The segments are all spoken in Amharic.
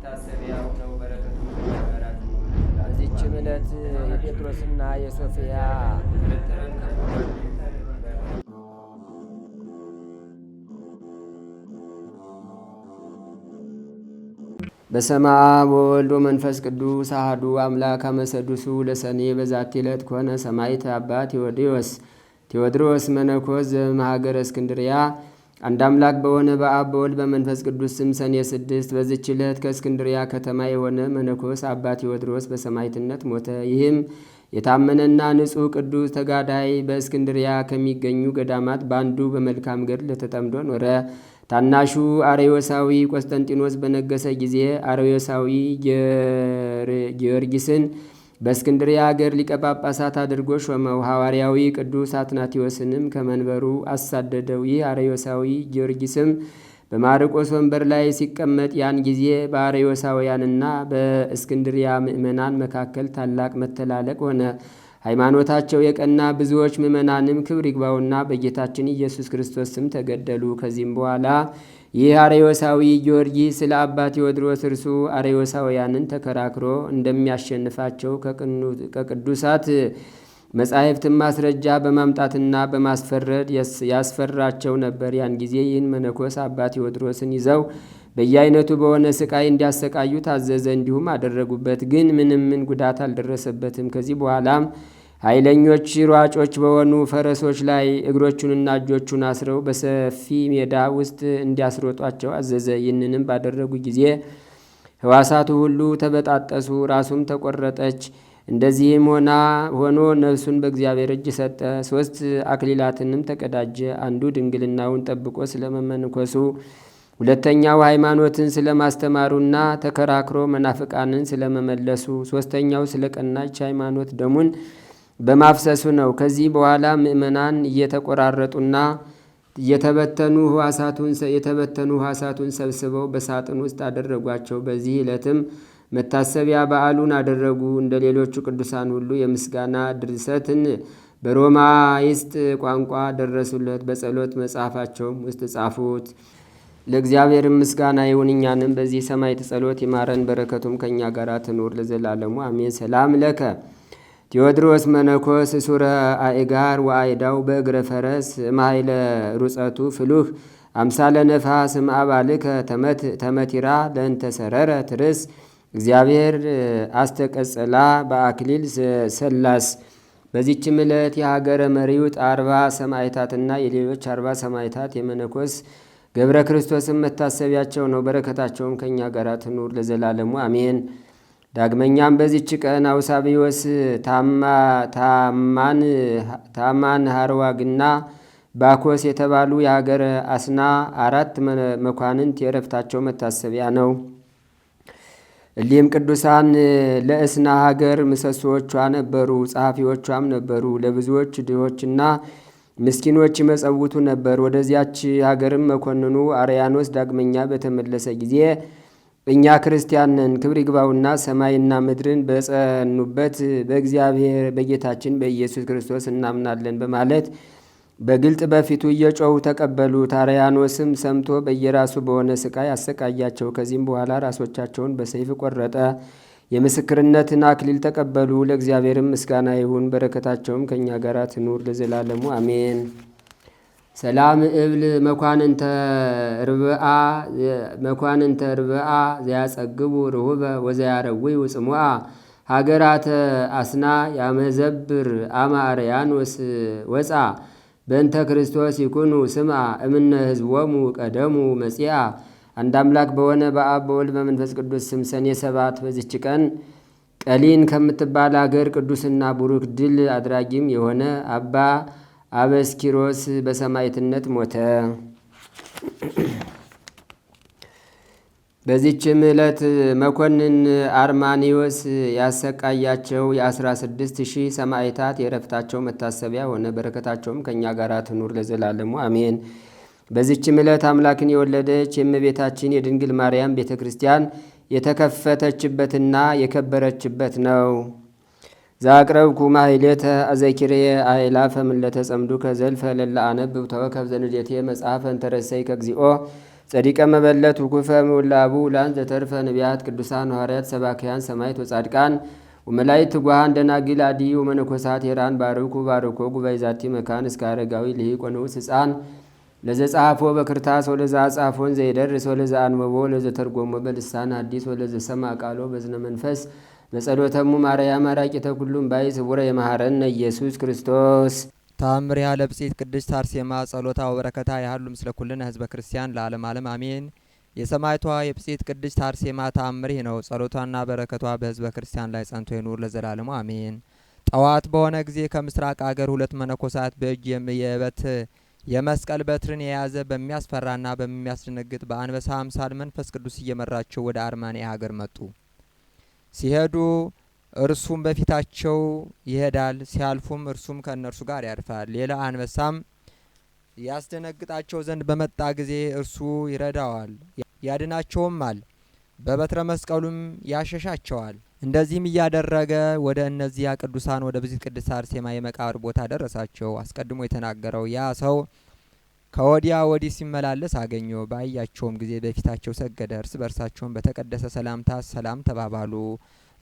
መታሰቢያው ነው። በዚችም ዕለት የጴጥሮስና የሶፊያ በሰማ ወወልድ መንፈስ ቅዱስ አህዱ አምላክ አመሰዱሱ ለሰኔ በዛቲ ዕለት ኮነ ሰማዕት አባ ቴዎድሮስ ቴዎድሮስ መነኮስ ዘእምሀገረ እስክንድርያ አንድ አምላክ በሆነ በአብ በወልድ በመንፈስ ቅዱስ ስም ሰኔ ስድስት በዚች ዕለት ከእስክንድሪያ ከተማ የሆነ መነኮስ አባ ቴዎድሮስ በሰማዕትነት ሞተ። ይህም የታመነና ንጹሕ ቅዱስ ተጋዳይ በእስክንድሪያ ከሚገኙ ገዳማት በአንዱ በመልካም ገድል ተጠምዶ ኖረ። ታናሹ አርዮሳዊ ቆስጠንጢኖስ በነገሰ ጊዜ አርዮሳዊ ጊዮርጊስን በእስክንድሪያ አገር ሊቀ ጳጳሳት አድርጎ ሾመው። ሐዋርያዊ ቅዱስ አትናቴዎስንም ከመንበሩ አሳደደው። ይህ አርዮሳዊ ጊዮርጊስም በማርቆስ ወንበር ላይ ሲቀመጥ ያን ጊዜ በአርዮሳውያንና በእስክንድሪያ ምእመናን መካከል ታላቅ መተላለቅ ሆነ። ሃይማኖታቸው የቀና ብዙዎች ምእመናንም ክብር ይግባውና በጌታችን ኢየሱስ ክርስቶስ ስም ተገደሉ። ከዚህም በኋላ ይህ አሬዮሳዊ ጊዮርጊስ ስለ አባ ቴዎድሮስ እርሱ አሬዮሳውያንን ተከራክሮ እንደሚያሸንፋቸው ከቅዱሳት መጻሕፍትን ማስረጃ በማምጣትና በማስፈረድ ያስፈራቸው ነበር። ያን ጊዜ ይህን መነኮስ አባ ቴዎድሮስን ይዘው በየአይነቱ በሆነ ስቃይ እንዲያሰቃዩ ታዘዘ። እንዲሁም አደረጉበት፣ ግን ምንም ምን ጉዳት አልደረሰበትም። ከዚህ በኋላም ኃይለኞች ሯጮች በሆኑ ፈረሶች ላይ እግሮቹንና እጆቹን አስረው በሰፊ ሜዳ ውስጥ እንዲያስሮጧቸው አዘዘ። ይህንንም ባደረጉ ጊዜ ሕዋሳቱ ሁሉ ተበጣጠሱ፣ ራሱም ተቆረጠች። እንደዚህም ሆና ሆኖ ነፍሱን በእግዚአብሔር እጅ ሰጠ። ሶስት አክሊላትንም ተቀዳጀ። አንዱ ድንግልናውን ጠብቆ ስለመመንኮሱ፣ ሁለተኛው ሃይማኖትን ስለማስተማሩና ተከራክሮ መናፍቃንን ስለመመለሱ፣ ሶስተኛው ስለ ቀናች ሃይማኖት ደሙን በማፍሰሱ ነው። ከዚህ በኋላ ምእመናን እየተቆራረጡና የተበተኑ ህዋሳቱን የተበተኑ ሕዋሳቱን ሰብስበው በሳጥን ውስጥ አደረጓቸው። በዚህ ዕለትም መታሰቢያ በዓሉን አደረጉ። እንደ ሌሎቹ ቅዱሳን ሁሉ የምስጋና ድርሰትን በሮማይስጥ ቋንቋ ደረሱለት። በጸሎት መጽሐፋቸውም ውስጥ ጻፉት። ለእግዚአብሔር ምስጋና ይሁን። እኛንም በዚህ ሰማይ ጸሎት ይማረን፣ በረከቱም ከእኛ ጋር ትኖር ለዘላለሙ አሜን። ሰላም ለከ ቴዎድሮስ መነኮስ እሱረ አእጋር ወአይዳው በእግረ ፈረስ ማይለ ሩጸቱ ፍሉህ አምሳለ ነፋስ እምአባልከ ተመቲራ ለእንተ ሰረረ ትርስ እግዚአብሔር አስተቀጸላ በአክሊል ሰላስ። በዚች ምለት የሀገረ መሪውጥ አርባ ሰማይታትና የሌሎች አርባ ሰማይታት የመነኮስ ገብረ ክርስቶስን መታሰቢያቸው ነው። በረከታቸውም ከእኛ ጋር ትኑር ለዘላለሙ አሜን። ዳግመኛም በዚች ቀን አውሳቢዎስ ታማን ሃርዋግና ባኮስ የተባሉ የሀገር አስና አራት መኳንንት የእረፍታቸው መታሰቢያ ነው። እሊህም ቅዱሳን ለእስና ሀገር ምሰሶዎቿ ነበሩ፣ ጸሐፊዎቿም ነበሩ። ለብዙዎች ድሆችና ምስኪኖች ይመጸውቱ ነበር። ወደዚያች ሀገርም መኮንኑ አርያኖስ ዳግመኛ በተመለሰ ጊዜ እኛ ክርስቲያንን ነን። ክብር ይግባውና ሰማይና ምድርን በጸኑበት በእግዚአብሔር በጌታችን በኢየሱስ ክርስቶስ እናምናለን በማለት በግልጥ በፊቱ እየጮሁ ተቀበሉት። አርያኖስም ሰምቶ በየራሱ በሆነ ስቃይ አሰቃያቸው። ከዚህም በኋላ ራሶቻቸውን በሰይፍ ቆረጠ። የምስክርነትን አክሊል ተቀበሉ። ለእግዚአብሔርም ምስጋና ይሁን፣ በረከታቸውም ከእኛ ጋር ትኑር ለዘላለሙ አሜን። ሰላም እብል መኳንንተ ርብአ መኳንንተ ርብአ ዘያጸግቡ ርሁበ ወዘያረዊው ጽሙአ ሀገራተ አስና ያመዘብር አማርያኖስ ወፃ በእንተ ክርስቶስ ይኩኑ ስምዓ እምነ ህዝቦሙ ቀደሙ መጺአ። አንድ አምላክ በሆነ በአብ በወልድ በመንፈስ ቅዱስ ስም ሰኔ ሰባት በዚች ቀን ቀሊን ከምትባል አገር ቅዱስና ቡሩክ ድል አድራጊም የሆነ አባ አበስኪሮስ በሰማይትነት ሞተ። በዚችም ዕለት መኮንን አርማኒዎስ ያሰቃያቸው የአስራ ስድስት ሺህ ሰማዕታት የእረፍታቸው መታሰቢያ ሆነ። በረከታቸውም ከእኛ ጋር ትኑር ለዘላለሙ አሜን። በዚችም ዕለት አምላክን የወለደች የእመቤታችን የድንግል ማርያም ቤተ ክርስቲያን የተከፈተችበትና የከበረችበት ነው። ዛቅረብኩ ማይሌተ አዘኪርየ አይላፈ ምለተ ጸምዱ ከዘልፈ ለላ አነብብ ተወከብ ዘንዴቴ መጽሐፈን እንተረሰይ ከግዚኦ ጸዲቀ መበለት ውኩፈ ምውላቡ ላን ዘተርፈ ነቢያት ቅዱሳን ሐዋርያት ሰባክያን ሰማይት ወጻድቃን ወመላይት ትጓሃን ደናጊል አዲ ወመነኮሳት ሄራን ባርኩ ባርኮ ጉባኤ ዛቲ መካን እስከ አረጋዊ ልሂቅ ወንዑስ ህፃን ለዘጸሐፎ በክርታስ ወለዛ ጻፎን ዘይደርስ ወለዛ አንበቦ ለዘተርጎሞ በልሳን አዲስ ወለዘሰማ ቃሎ በዝነ መንፈስ በጸሎተሙ ማርያም ማራቂ ተኩሉም ባይ ስቡረ የመሐረነ ኢየሱስ ክርስቶስ ታምር ያለ ለብጽት ቅድስት አርሴማ ጸሎታ ወበረከታ ያህሉ ምስለ ኩልነ ህዝበ ክርስቲያን ለዓለም ዓለም አሜን። የሰማይቷ የብጽት ቅድስት አርሴማ ታምሪ ነው። ጸሎቷና በረከቷ በህዝበ ክርስቲያን ላይ ጸንቶ ይኑር ለዘላለሙ አሜን። ጠዋት በሆነ ጊዜ ከምስራቅ አገር ሁለት መነኮሳት በእጅ የበት የመስቀል በትርን የያዘ በሚያስፈራና በሚያስደነግጥ በአንበሳ አምሳል መንፈስ ቅዱስ እየመራቸው ወደ አርማንያ ሀገር መጡ። ሲሄዱ እርሱም በፊታቸው ይሄዳል፣ ሲያልፉም እርሱም ከእነርሱ ጋር ያርፋል። ሌላ አንበሳም ያስደነግጣቸው ዘንድ በመጣ ጊዜ እርሱ ይረዳዋል፣ ያድናቸውማል፣ በበትረ መስቀሉም ያሸሻቸዋል። እንደዚህም እያደረገ ወደ እነዚያ ቅዱሳን ወደ ብዚት ቅድስት አርሴማ የመቃብር ቦታ ደረሳቸው። አስቀድሞ የተናገረው ያ ሰው ከወዲያ ወዲህ ሲመላለስ አገኘው። ባያቸውም ጊዜ በፊታቸው ሰገደ። እርስ በርሳቸውም በተቀደሰ ሰላምታ ሰላም ተባባሉ።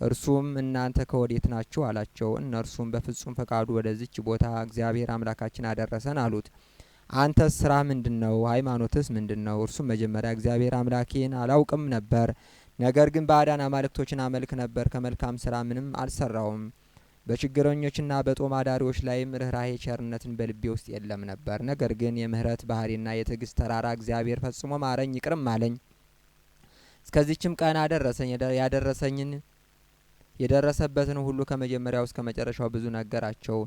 እርሱም እናንተ ከወዴት ናችሁ አላቸው። እነርሱም በፍጹም ፈቃዱ ወደዚች ቦታ እግዚአብሔር አምላካችን አደረሰን አሉት። አንተ ስራ ምንድን ነው? ሃይማኖትስ ምንድን ነው? እርሱም መጀመሪያ እግዚአብሔር አምላኬን አላውቅም ነበር፣ ነገር ግን ባዕዳን አማልክቶችን አመልክ ነበር። ከመልካም ስራ ምንም አልሰራውም። በችግረኞችና በጦም አዳሪዎች ላይም ርኅራሄ ቸርነትን በልቤ ውስጥ የለም ነበር። ነገር ግን የምህረት ባህሪና የትዕግስት ተራራ እግዚአብሔር ፈጽሞ ማረኝ ይቅርም አለኝ። እስከዚችም ቀን አደረሰኝ። ያደረሰኝን የደረሰበትን ሁሉ ከመጀመሪያው እስከ መጨረሻው ብዙ ነገራቸው።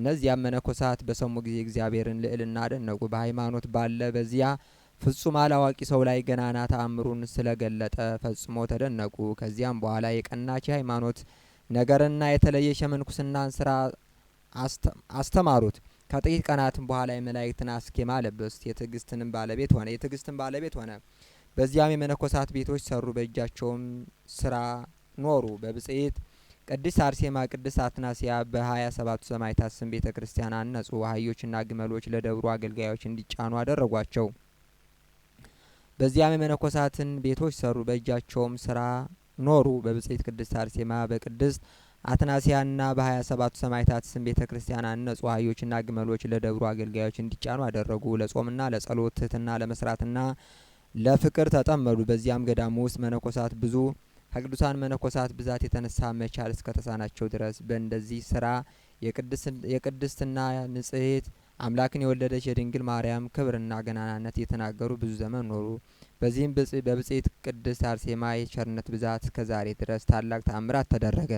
እነዚያም መነኮሳት በሰሙ ጊዜ እግዚአብሔርን ልዕልና አደነቁ። በሃይማኖት ባለ በዚያ ፍጹም አላዋቂ ሰው ላይ ገናና ተአምሩን ስለገለጠ ፈጽሞ ተደነቁ። ከዚያም በኋላ የቀናች ሃይማኖት ነገርና የተለየ ሸመንኩስናን ስራ አስተማሩት። ከጥቂት ቀናትም በኋላ የመላእክትን አስኬማ ለበሱት። የትዕግስትንም ባለቤት ሆነ የትዕግስትን ባለቤት ሆነ። በዚያም የመነኮሳት ቤቶች ሰሩ፣ በእጃቸውም ስራ ኖሩ። በብጽኤት ቅድስት አርሴማ፣ ቅድስት አትናሲያ በሀያ ሰባቱ ሰማዕታት ስም ቤተ ክርስቲያን አነጹ። አህዮችና ግመሎች ለደብሩ አገልጋዮች እንዲጫኑ አደረጓቸው። በዚያም የመነኮሳትን ቤቶች ሰሩ፣ በእጃቸውም ስራ ኖሩ። በብጽሕት ቅድስት አርሴማ በቅድስት አትናሲያና በሀያ ሰባቱ ሰማይታት ስም ቤተ ክርስቲያን አነጹ። አህዮችና ግመሎች ለደብሩ አገልጋዮች እንዲጫኑ አደረጉ። ለጾምና ለጸሎት ትህትና ለመስራትና ለፍቅር ተጠመዱ። በዚያም ገዳሙ ውስጥ መነኮሳት ብዙ ከቅዱሳን መነኮሳት ብዛት የተነሳ መቻል እስከተሳናቸው ድረስ በእንደዚህ ስራ የቅድስትና ንጽሄት አምላክን የወለደች የድንግል ማርያም ክብርና ገናናነት እየተናገሩ ብዙ ዘመን ኖሩ። በዚህም በብጽት ቅድስት አርሴማ የቸርነት ብዛት እስከ ዛሬ ድረስ ታላቅ ተአምራት ተደረገ።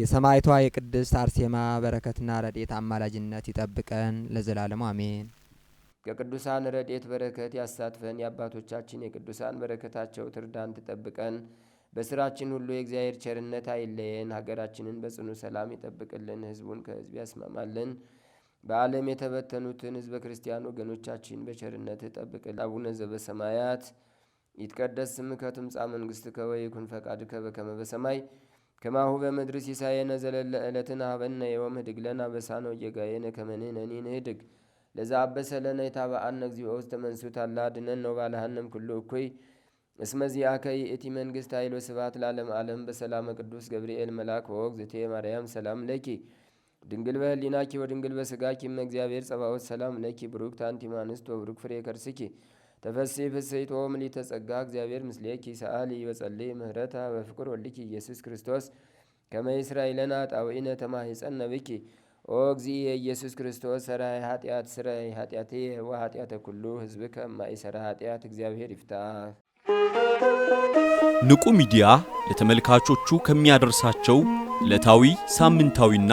የሰማይቷ የቅድስት አርሴማ በረከትና ረዴት አማላጅነት ይጠብቀን ለዘላለሙ አሜን። የቅዱሳን ረዴት በረከት ያሳትፈን። የአባቶቻችን የቅዱሳን በረከታቸው ትርዳን፣ ትጠብቀን። በስራችን ሁሉ የእግዚአብሔር ቸርነት አይለየን። ሀገራችንን በጽኑ ሰላም ይጠብቅልን፣ ህዝቡን ከህዝብ ያስማማልን። በዓለም የተበተኑትን ህዝበ ክርስቲያን ወገኖቻችን በቸርነት ጠብቅልን። አቡነ ዘበሰማያት ይትቀደስ ስምከ ትምጻእ መንግሥትከ ወይኩን ፈቃድከ በከመ በሰማይ ከማሁ በምድር ሲሳየነ ዘለለ ዕለትን ሀበነ ዮም ህድግ ለነ አበሳነ ወጌጋየነ ከመ ንሕነኒ ንህድግ ለዘአበሰ ለነ ኢታብአነ እግዚኦ ውስተ መንሱት አላ አድኅነነ ወባልሐነ ኩሉ እኩይ እስመ ዚአከ ይእቲ መንግሥት ኃይሎ ወስብሐት ለዓለመ ዓለም በሰላመ ቅዱስ ገብርኤል መልአክ ወወግ ማርያም ሰላም ለኪ ድንግል በህሊናኪ ወድንግል በስጋ ኪ እግዚአብሔር ጸባዖት ሰላም ለኪ ብሩክ አንቲ ወብሩክ ፍሬ ከርስኪ ተፈሴ ፍሴቶ ምልዕተ ተጸጋ እግዚአብሔር ምስሌኪ ሰአሊ በጸልይ ምህረታ በፍቅር ወልኪ ኢየሱስ ክርስቶስ ከመ ይስራኤለነ ጣውኢነ ተማሂፀነ ብኪ ኦ እግዚ ኢየሱስ ክርስቶስ ሰራይ ኃጢአት ስራይ ኃጢአቴ ወኃጢአተ ኩሉ ህዝብ ሰራ ኃጢአት እግዚአብሔር ይፍታ። ንቁ ሚዲያ ለተመልካቾቹ ከሚያደርሳቸው ዕለታዊ ሳምንታዊና